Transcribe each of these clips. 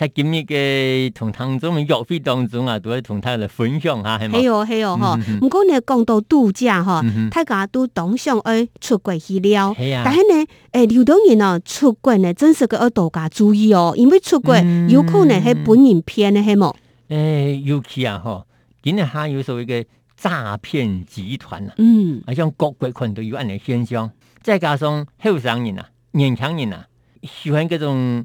七點嘅同唐總嘅約會當中啊，都同他來分享下係。係哦係哦嗬，唔該、喔喔嗯、你講到度假嗬，睇下都當上出國去了。是啊、但係呢，誒，劉黨員啊，出國呢，真是個要多加注意哦、喔，因為出國有可能係本人騙係冇。誒、嗯欸，尤其啊嗬，今日下有所謂嘅詐騙集團啊，嗯，啊，將各國群都要按嚟現象，再加上後生人啊、年輕人啊，喜歡嗰種。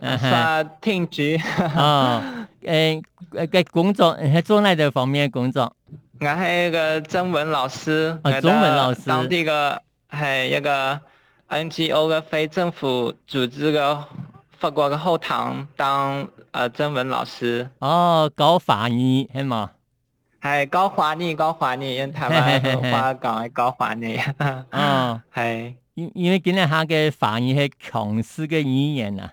法庭主哦，誒誒嘅工作係做哪啲方面嘅工作？我係一個中文老師、哦，中文老師，當地嘅係一個 N G O 嘅非政府組織嘅法國嘅後堂當誒中、呃、文老師。哦，搞法語，係嘛？係搞法語，搞法語用台灣話講，搞法語，嗯， 係、哦、因 因為今日下嘅法語，係強勢嘅語言啊。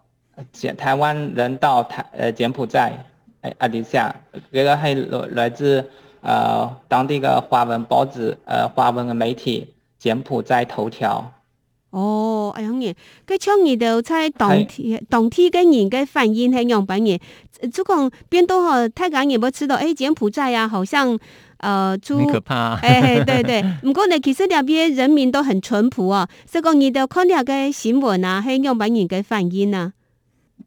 柬台灣人到台呃柬埔寨，阿、啊、底下，這個是來來自呃當地的華文報紙，呃華文嘅媒體柬埔寨頭條。哦，哎呀，還你猜，佮創意就出當地當地嘅人嘅反應係樣板嘢。主講邊度嗬，太感嘢，冇知道。誒、哎、柬埔寨啊，好像呃，很可怕，啊。 哎，對對，唔過呢其實兩邊人民都很淳樸啊。所以講你都看下個新聞啊，係樣板人嘅反應啊。嗯嗯嗯嗯嗯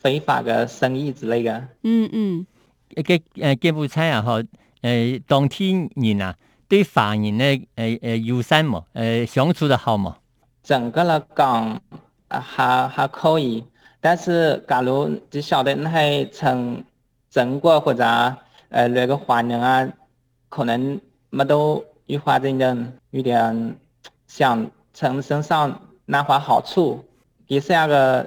非法的生意之類的，嗯嗯，個，嗯，柬埔寨也好，嗯，當地人呢對法人咧嗯，嗯，友善嘛，嗯，相處得好嘛，整個嚟講，還還可以，但是假如只曉得你係從中國或者嗯，那、呃、個華人啊，可能沒多有法的人，有點想從身上拿回好處，第三個。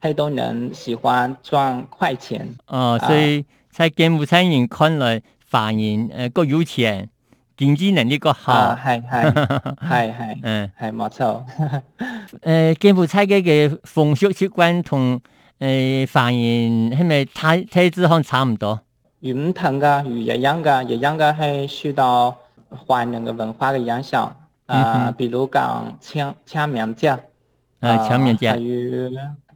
很多人喜歡賺快錢。哦、所以在柬埔寨人看來，繁人呃夠有錢經濟能力夠好啊，係係係係嗯，係冇錯。誒柬埔寨嘅風俗習慣同誒繁人係咪太太子差唔多？唔同噶，與一樣噶，一樣噶係受到華人嘅文化嘅影響啊，呃、 比如講清清明節，啊，清明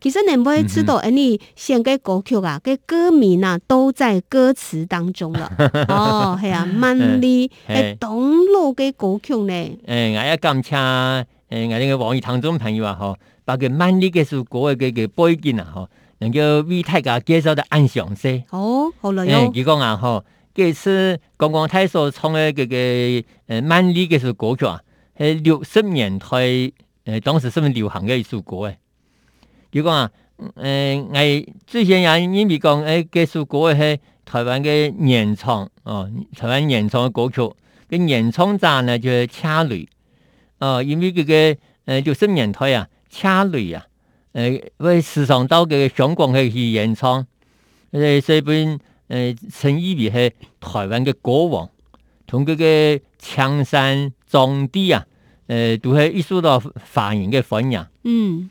其實你不會知道，嗯欸、你先嘅歌曲啊，嘅歌名啊，都在歌詞當中了。 哦，係啊，蔓莉誒，董、嗯、路嘅歌曲呢，誒、欸，我要感謝，誒、欸，我哋嘅黃宇堂中朋友啊。吼，把佢蔓莉嘅首歌嘅嘅背景啊，吼，能夠為大家介紹得安詳些。好了，好、欸、啦，又如果啊，吼、這個，今次剛剛佢所唱嘅個誒蔓莉嘅首歌曲啊，係六十年代誒、呃、當時十分流行嘅一首歌誒。如果啊，誒，誒，之前也意味講，誒，介紹歌，係台灣的原創，哦，台灣原創的歌曲嘅原創者呢，就是車雷，哦，因為這個，誒、呃、就是人台啊，車雷啊，誒、呃，為時常到這個香港去去原創，誒、呃，這邊誒陳依依係台灣的歌王，從這個唱聲壯啲啊，誒，都係受到泛員的歡迎。嗯。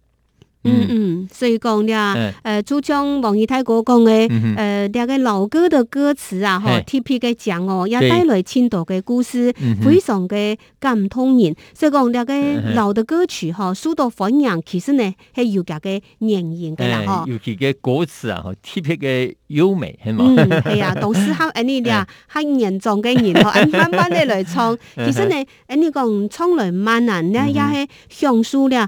嗯嗯，所以講咧，誒，就像黃宇大哥講的，誒、嗯，那、呃、個、嗯呃、老歌的歌詞啊，嗬，特別嘅強哦，也帶來青島的故事，嗯、非常的感通人、嗯。所以講那個老的歌曲嗬，受到歡迎，其實呢係有夾嘅語言的啦，嗬，要夾嘅歌詞啊，嗬，特別嘅優美，嗯，係啊，到時喺呢啲啊，喺人唱嘅時候，班班都來唱，其實呢，誒、嗯，你講、啊嗯嗯 啊 唱，嗯嗯、唱來慢啊，呢也係享受啦。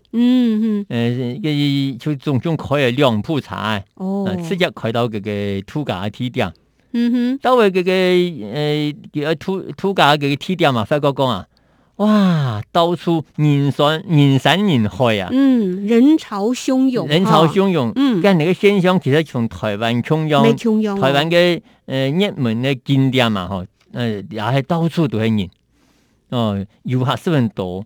嗯哼，誒、呃，佢仲仲開啊兩鋪茶，哦，直接開到佢嘅土架嘅 T 店，嗯哼，到位佢嘅誒叫土土架嘅 T 店嘛，輝哥講啊，哇，到處人山人山人海啊，嗯，人潮洶湧，人潮洶湧，嗯、啊，跟住嘅先生其實從台灣湧、嗯，台灣嘅誒、呃、熱門嘅景點嘛，嗬、呃，誒，也係到處都係人，哦、呃，遊客十分多。